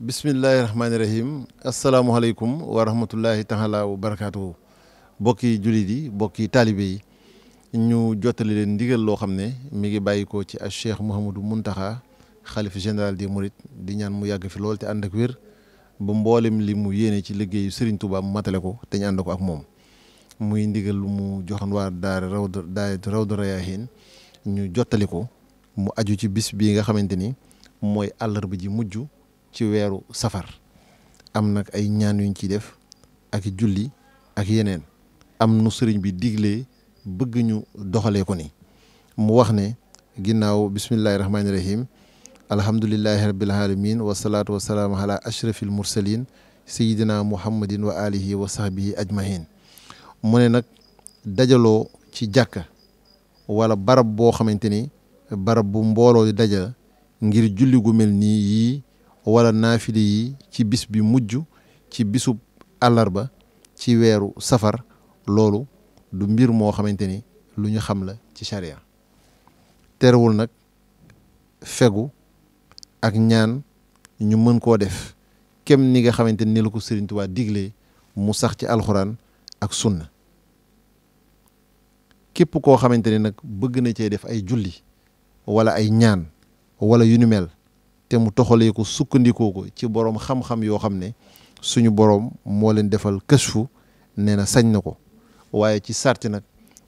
bismillahi rahmaani rahim asalaamualeykum wa rahmatullahi taala wa barakaatuhu bokki jullit yi bokki taalibe yi ñu jottali leen ndigal loo xam ne mi ngi bàyyi ko ci Cheikh Mouhamadou Mountakha xalif général des Mourides di ñaan mu yàgg fi lool te ànd ak wér ba mboolem li mu yéene ci liggéeyu Serigne Touba mu matale ko te ñu ànd ko ak moom muy ndigal lu mu joxoon waa rawdu daayatu ñu jottali ko mu aju ci bis bi nga xamante ni mooy àllarba ji mujj. ci weeru safar am nag ay ñaan yuñ ci def ak julli ak yeneen am nu sëriñ bi digle bëgg ñu doxalee ko ni mu wax ne ginnaaw bismillahi rahmaani rahim alhamdulilahi rabbil alamin wasalaatu wasalaam ala ashrafil mursalin sayidina muhammadin wa alihi wa sahbihi ajmahin mu ne nag dajaloo ci jàkka wala barab boo xamante ni barab bu mbooloo di daja ngir julli gu mel nii yii wala naafili yi ci bis bi mujj ci bisub àllarba ci weeru safar loolu du mbir moo xamante ni lu ñu xam la ci charia terewul nag fegu ak ñaan ñu mën koo def kem ni nga xamante ni la ko Sëriñ Tuubaa mu sax ci alxuraan ak sunna képp koo xamante ni nag bëgg na cee def ay julli wala ay ñaan wala yunu mel te mu toxalee ko sukkandikoo ko ci boroom xam-xam yoo xam ne suñu boroom moo leen defal kësfu nee na sañ na ko waaye ci sarti nag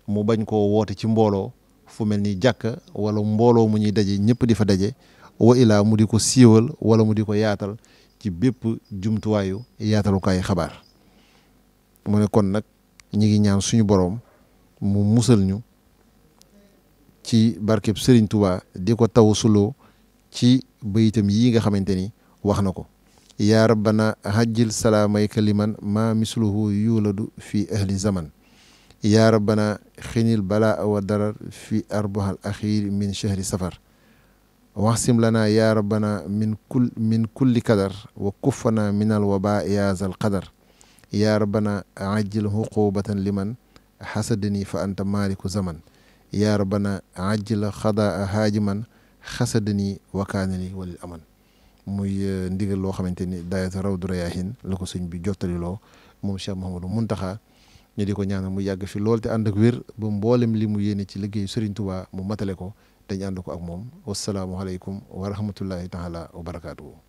mu bañ koo woote ci mbooloo fu mel ni jàkk walla mbooloo mu ñuy daje ñëpp di fa daje wa ilaa mu di ko siiwal wala mu di ko yaatal ci bépp jumtuwaayu yaatalukaay xabaar mu ne kon nag ñi ngi ñaan suñu boroom mu musal ñu ci barkeb Serigne Touba di ko taw suloo ci bayitam yii nga xamante ni wax na ko yaa rabbana hajjil salaamayka liman maa misluhu yuladu fi ahli zaman yaa rabbana xinil balaa wa darar fi arbohal axiir min chahri safar waxsim lana yaa rabbana min kul min kulli kadar wa kuffana minal waba yaa zal qadar yaa rabbana ajjil xuqubatan liman xasadani fa anta maaliku zaman yaa rabbana ajjil xadaa haajiman xasadani wakaanani walil aman muy eh, ndigal loo xamante ni daayatu rawdu rayaahin la ko sëñ bi jottaliloo moom Cheikh mun Mountakha ñu di ko ñaanal mu yàgg fi lool te ànd ak wér ba mboolem li mu yéene ci liggéey Serigne Touba mu matale ko dañu ànd ko ak moom wasalaamualeykum wa rahmatullahi taala wa barakaatu.